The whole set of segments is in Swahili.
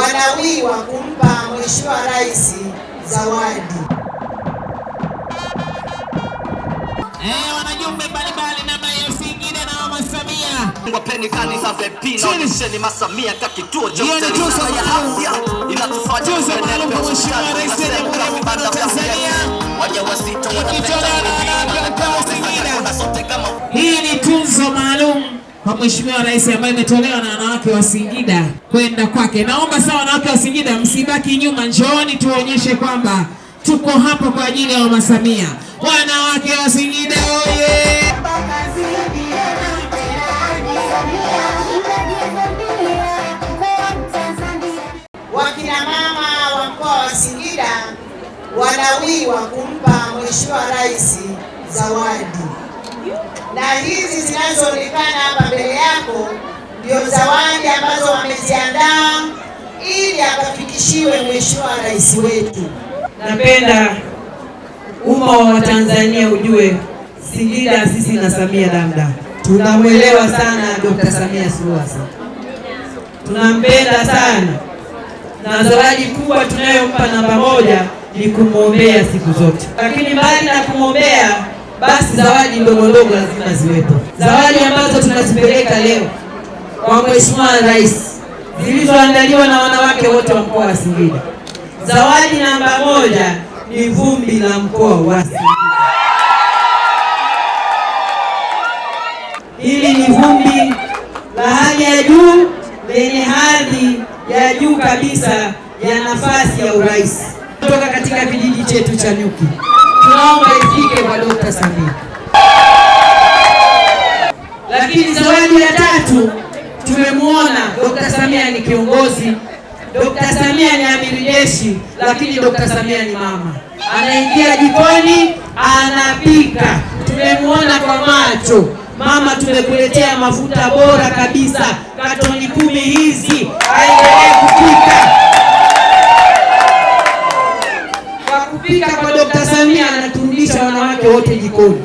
wanawiwa kumpa Mheshimiwa Rais zawadi. Eh, wanajumbe mbalimbali na maelfu na Mama Samia. Wapeni kanisa VP na onesheni masamia ka kituo cha afya inatufanya Mheshimiwa Rais wa Jamhuri ya Muungano wa Tanzania wajawazito kwa Mheshimiwa Rais ambayo imetolewa na wanawake wa Singida kwenda kwake. Naomba sana wanawake wa Singida msibaki nyuma, njooni tuonyeshe kwamba tuko hapa kwa ajili ya wamasamia Wanawake wa Singida oye! Wakina mama wa mkoa wa Singida wanawiwa kumpa Mheshimiwa Rais zawadi na hizi zinazoonekana hapa mbele yako ndio zawadi ambazo wameziandaa ili akafikishiwe Mheshimiwa Rais wetu. Napenda umma wa Watanzania ujue Singida sisi na Samia Damda tunamwelewa sana Dr. Samia Suluhu Hassan, tunampenda sana na zawadi kubwa tunayompa namba moja ni kumwombea siku zote, lakini mbali na kumwombea basi zawadi ndogo ndogo lazima ziwepo. Zawadi ambazo tunazipeleka leo kwa Mheshimiwa Rais zilizoandaliwa na wanawake wote wa mkoa wa Singida. Zawadi namba moja ni vumbi la mkoa wa Singida. Hili ni vumbi la hali ya juu lenye hadhi ya juu kabisa ya nafasi ya urais kutoka katika kijiji chetu cha Nyuki tunaomba ifike kwa Dr. Samia. Lakini zawadi ya tatu tumemwona Dr. Samia ni kiongozi, Dr. Samia ni amiri jeshi, lakini Dr. Samia ni mama, anaingia jikoni anapika, tumemwona kwa macho. Mama, tumekuletea mafuta bora kabisa, katoni kumi hizi, aendelee kupika kupika kwa Dr. Samia anaturudisha wanawake wote jikoni.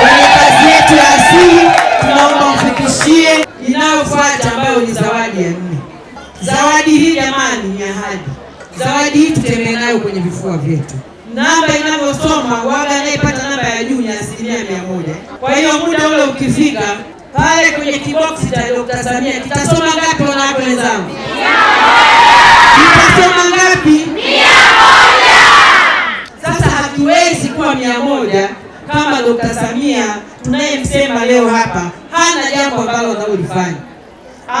Kwenye kazi yetu ya asili, tunaomba mfikishie inayofuata ambayo ni zawadi ya nne. Zawadi hii jamani, ni ahadi. Zawadi hii tutembee nayo kwenye vifua vyetu. Namba inavyosoma waga, anayepata namba ya juu ni asilimia mia moja. Kwa hiyo muda ule ukifika pale kwenye kiboksi cha Dr. Samia kitasoma ngapi wanawake wenzangu? Kitasoma jambo ambalo unalolifanya.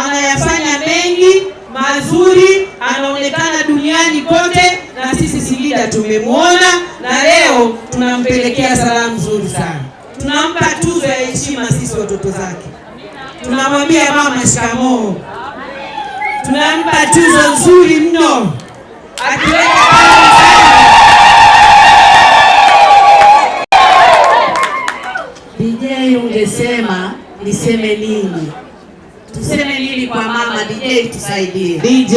Anayafanya mengi mazuri, anaonekana duniani kote, na sisi Singida tumemwona, na leo tunampelekea salamu nzuri sana, tunampa tuzo ya heshima sisi watoto zake, tunamwambia mama shikamoo, tunampa tuzo nzuri mno akiweka Sema niseme nini? Tuseme nini kwa mama DJ? Tusaidie DJ.